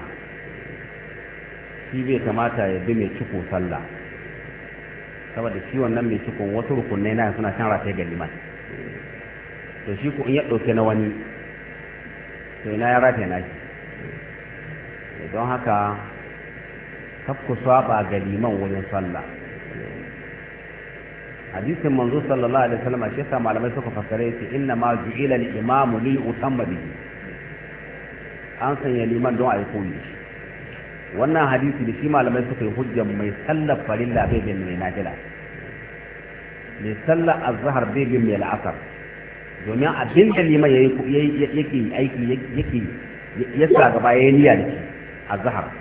shi bai kamata ya bi mai ciko sallah saboda shi wannan mai ciko wasu rukunai na suna can rafe ga liman to shi ko in ya ɗauke na wani to ina ya rafe na shi don haka Kafku saba ga liman wajen sallah hadisin manzo sallallahu alaihi wasallam shi sa malamai suka fassare shi inna ma ju'ila al-imam li utamma bihi an sanya liman don a yi koyi wannan hadisi da shi malamai suka yi hujjar mai sallar farilla bai bin mai najila mai sallar azhar bai bin mai la'asar domin abin da liman yake aiki yake yasa gaba yayi niyya da azhar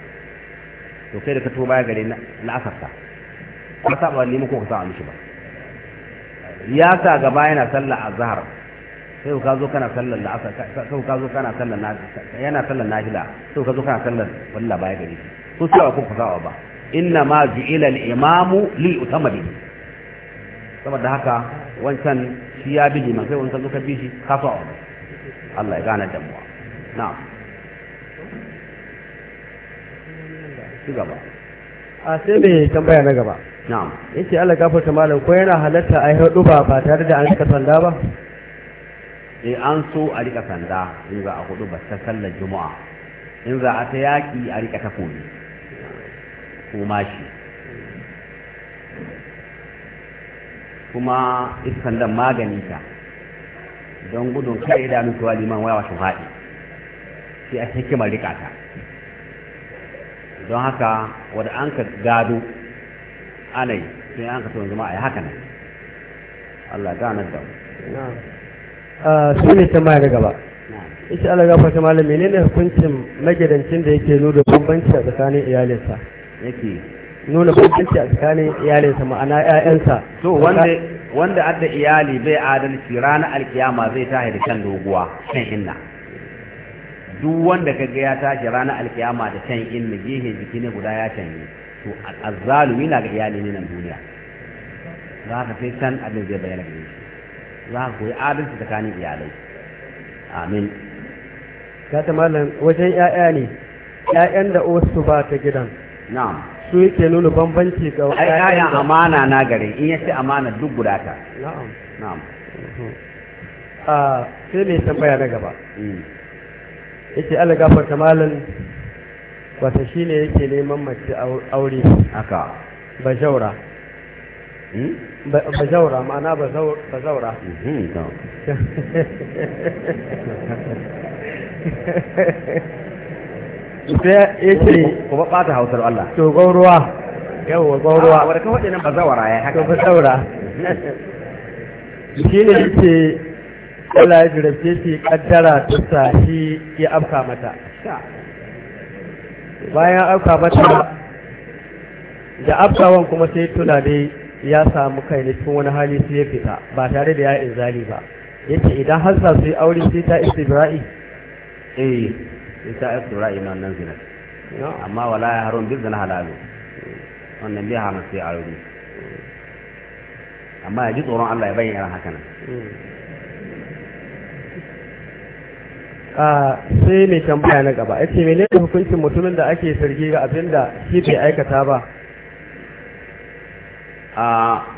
to kai da ka tuba baya gare na asarta ka saba wa limu ko ka saba mishi ba ya sa gaba yana sallar azhar sai ka zo kana sallar la'asar sai ka zo kana sallar yana sallar nafila sai ka zo kana sallar wallahi baya gare ko saba ko ka saba ba inna ma ju'ila al-imamu li utamadi saboda haka wancan shi ya bi liman sai wancan zo ka bi shi ka saba Allah ya gane damuwa na'am ci gaba a sai mai tambaya na gaba na'am yace Allah gafarta malam ko yana halatta a haɗu ba ba tare da an rika sanda ba eh an so a rika sanda in za a hudu ba ta sallar juma'a in za a ta yaki a rika takobi ko mashi kuma iskan da magani ta don gudun kai da mutuwa liman waya wasu haɗi sai a hikimar rika ta don haka wadda an ka gado ana yi sai an ka tsohon zama a yi haka ne. Allah nan da ah, su ne ta maya gaba ita Allah ga fata malam menene hukuncin magidancin da yake nuna bambanci a tsakanin iyalinsa yake nuna bambanci a tsakanin iyalinsa ma'ana ƴaƴansa to wanda wanda adda iyali bai adalci ranar alkiyama zai tahi da kan doguwa kan inna duk wanda kaga ya tashi ranar alkiyama da can in inna gehe jiki ne guda ya yi, to azzalumi na ga iyali ne nan duniya za ka sai san abin zai bayyana gare shi za ka koyi adalci tsakanin iyalai amin ka ta malam wajen 'ya'ya ne 'ya'yan da wasu ba ta gidan na'am su yake nuna bambanci ga 'Yayan amana na gare in yace amana duk guda ta na'am na'am a ah, sai mai tambaya na gaba mm. yace Allah gafarta malam wata ne yake neman mace aure haka hmm? ba bajaura ma'ana bazaura mhm, sai yace kuma bata hausar Allah to gauruwa yawa gauruwa ah, wadda ka ba zaura ya haka bazaura mhm. ne yace Allah ya jirage shi kaddara ta sashi ya afka mata bayan afka mata da afkawan kuma sai tuna dai ya samu kai ne cikin wani hali sai ya fita ba tare da ya inzali ba Yake idan har su yi aure sai ta isa istibra'i eh ta istibra'i na wannan zina amma wala ya harun bil zina halalu wannan biya hana sai aure amma ya ji tsoron Allah ya bayyana hakan sai mai tambaya na gaba ya ce mene da hukuncin mutumin da ake sarge ga abin da shi bai aikata ba a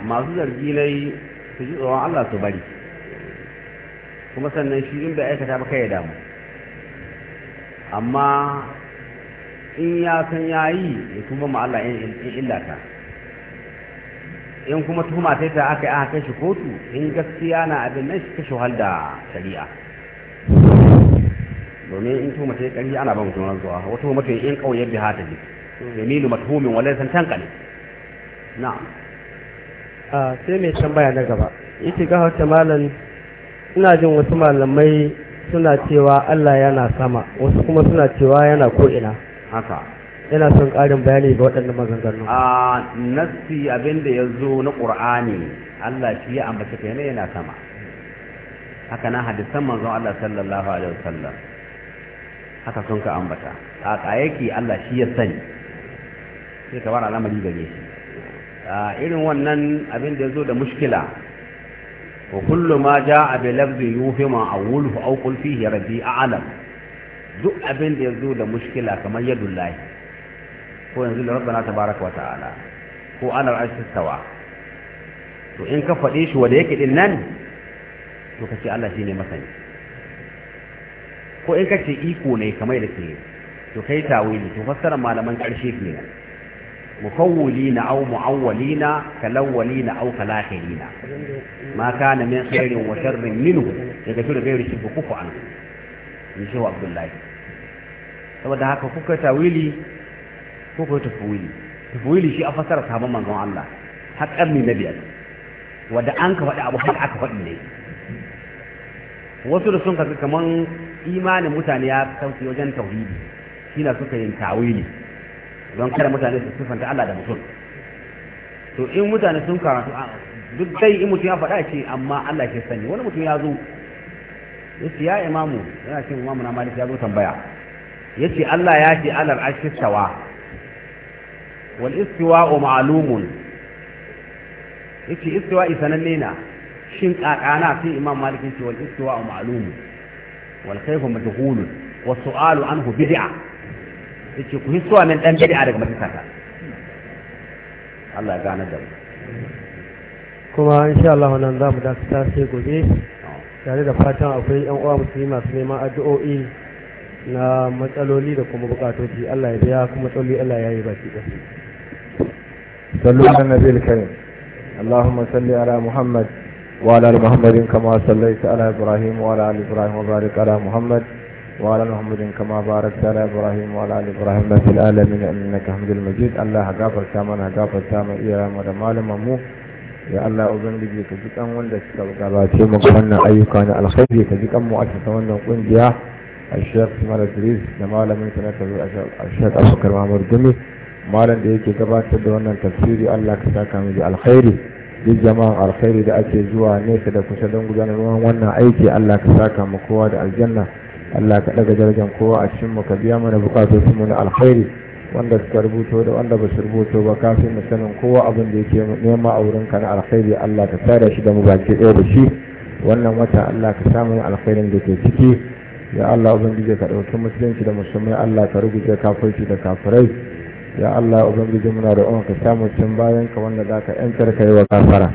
masu zargi nai su ji tsawon Allah su bari kuma sannan shi in bai aikata ba kai ya damu amma in ya san ya yi ya tuba ma Allah in illata in kuma tuhuma ta aka yi aka kai shi kotu in gaskiya na abin nan shi kashe da shari'a domin in tuhuma sai ƙarfi ana ba mutum rantsuwa wata tuhuma ta in ƙauyar da hata ne yamilu matuhumin wa san tanka ne na'am a sai mai tambaya na gaba yace ga hauta malam ina jin wasu malamai suna cewa Allah yana sama wasu kuma suna cewa yana ko ina haka ina son ƙarin bayani ga waɗannan maganganu a nassi abin da ya zo na ƙur'ani Allah shi ya ambata ka yana sama haka na hadisan manzon Allah sallallahu alaihi wasallam haka sun ka ambata a tsayaki Allah shi ya sani sai ka bar al'amari gare shi a irin wannan abin da ya zo da mushkila wa kullu ma ja'a ma lafzi yufima awwuluhu aw ya rabi a a'lam duk abin da ya zo da mushkila kamar yadullahi ko yanzu da rabbana baraka wa ta'ala ko ana arshi sawa to in ka faɗe shi wanda yake din nan to kace Allah ne masani ko in kace iko ne kamar da ke to kai tawili to fassara malaman karshe ke mufawwilina aw muawwilina kalawwilina aw kalahirina ma kana min khairin wa sharrin minhu daga shi gairu shi ku kufu an ni shi abdullahi saboda haka kuka tawili ko kuka tafwili tafwili shi a fassara sabon manzon Allah har karni na biyar da an ka faɗi abu har aka faɗi ne wasu da sun kaga kaman imanin mutane ya sauki wajen tauhidi shi na suka yin tawili don kada mutane su sifanta Allah da mutum to in mutane sun karatu duk dai in mutum ya faɗa ce amma Allah ke sani wani mutum ya zo yace ya imamu yana cin imamu na malik ya zo tambaya yace Allah ya ce alal arshi wal istiwa ma'lumun yace istiwa sananne na shin kakana sai imam malik yace wal istiwa ma'lumun wal khayfu majhulun wa su'alu anhu bid'a yace ku hisuwa min dan bid'a daga matakata Allah ya gane da mu kuma in sha Allah wannan zamu dakata sai gobe tare da fatan akwai yan uwa musulmi masu neman addu'o'i na matsaloli da kuma bukatoci Allah ya biya kuma tsalli Allah ya yi baki da sallu ala nabiyil karim اللهم صل على محمد وعلى ال محمد كما صليت على ابراهيم وعلى ال ابراهيم وبارك على محمد وعلى محمد كما باركت على ابراهيم وعلى ال ابراهيم في العالمين انك حميد مجيد الله غفر تامن غفر تامن يا مالم ya Allah ubangiji ka ji kan wanda suka gabace muku wannan ayyuka na alkhairi ka ji kan mu a cikin wannan kungiya a Sheikh Sumar Idris da malamin sa na tafsir a Sheikh Abubakar Mahmud Gumi malam da yake gabatar da wannan tafsiri Allah ka saka mu da alkhairi duk jama'a alkhairi da ake zuwa nesa da kusa don gudanar wannan aiki Allah ka saka mu kowa da aljanna Allah ka daga darajar kowa a cikin mu ka biya mana bukatun mu na alkhairi wanda suka rubuto da wanda ba su rubuto ba kafin mu sanin kowa abin da yake nema a wurin ka na alkhairi Allah ka tsara shi da mu baki ɗaya da shi wannan wata Allah ka samu alkhairin da ke ciki ya Allah ubangije ka dauki musulunci da musulmai Allah ka rubuce kafirci da kafirai ya Allah ubangiji muna da umarka samun cin bayan ka wanda za ka yantar ka yi wa kafara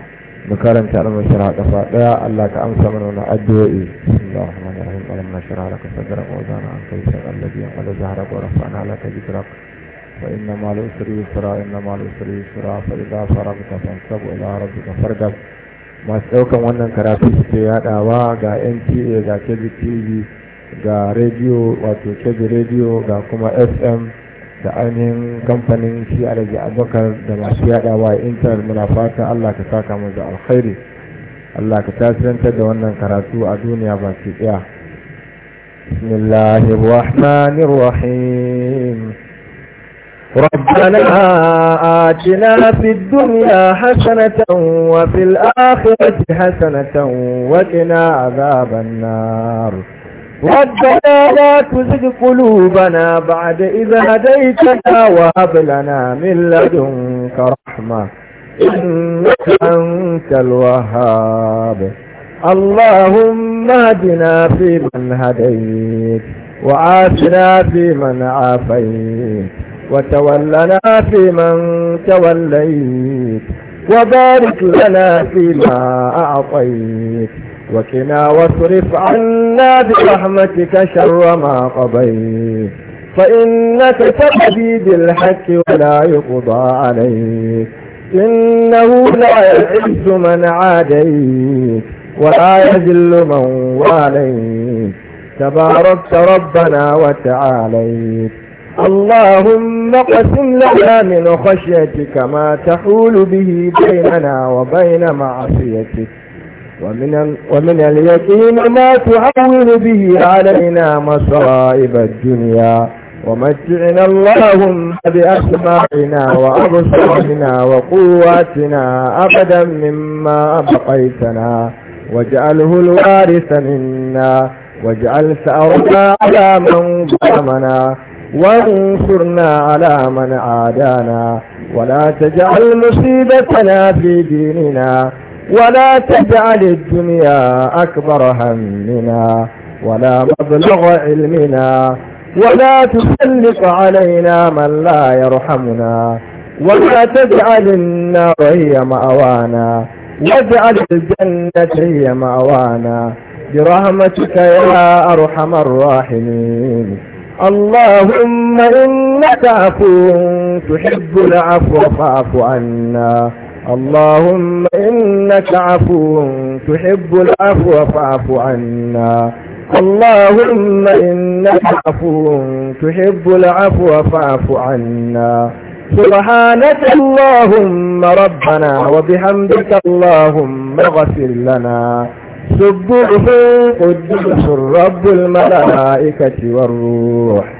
mu karanta al-mashara kafa daya Allah ka amsa mana wani addu'o'i bismillahir rahmanir rahim alam nashra laka sadrak wa dana anka yusra alladhi qad zahara wa rafa'na laka dhikrak fa inna ma al-usri yusra inna ma al-usri yusra fa idha faragta fansab ila rabbika farga masu daukan wannan karatu su ke yadawa ga NTA ga KBTV ga radio wato KB radio ga kuma FM da ainihin kamfanin shi alaji abubakar da masu yadawa intanet muna fatan allah ka saka mu da alkhairi allah ka tasirantar da wannan karatu a duniya baki daya بسم الله الرحمن الرحيم ربنا آتنا في الدنيا حسنة وفي الآخرة حسنة وقنا عذاب النار ربنا لا تزغ قلوبنا بعد إذ هديتنا وهب لنا من لدنك رحمة إنك أنت الوهاب اللهم اهدنا فيمن هديت وعافنا فيمن عافيت وتولنا فيمن توليت وبارك لنا فيما أعطيت وكنا واصرف عنا برحمتك شر ما قضيت فإنك تقضي بالحق ولا يقضى عليك إنه لا يعز من عاديت ولا يذل من واليت تباركت ربنا وتعاليت اللهم اقسم لنا من خشيتك ما تحول به بيننا وبين معصيتك ومن, ومن اليقين ما تعول به علينا مصائب الدنيا ومتعنا اللهم بأسماعنا وأبصارنا وقواتنا أبدا مما أبقيتنا واجعله الوارث منا واجعل ثأرنا على من ظلمنا وانصرنا على من عادانا ولا تجعل مصيبتنا في ديننا ولا تجعل الدنيا أكبر همنا ولا مبلغ علمنا ولا تسلط علينا من لا يرحمنا ولا تجعل النار هي مأوانا واجعل الجنة هي مأوانا برحمتك يا أرحم الراحمين اللهم إنك عفو تحب العفو فاعف عنا اللهم إنك عفو تحب العفو فاعف عنا اللهم إنك عفو تحب العفو فاعف عنا سبحانك اللهم ربنا وبحمدك اللهم اغفر لنا سبح قدس رب الملائكة والروح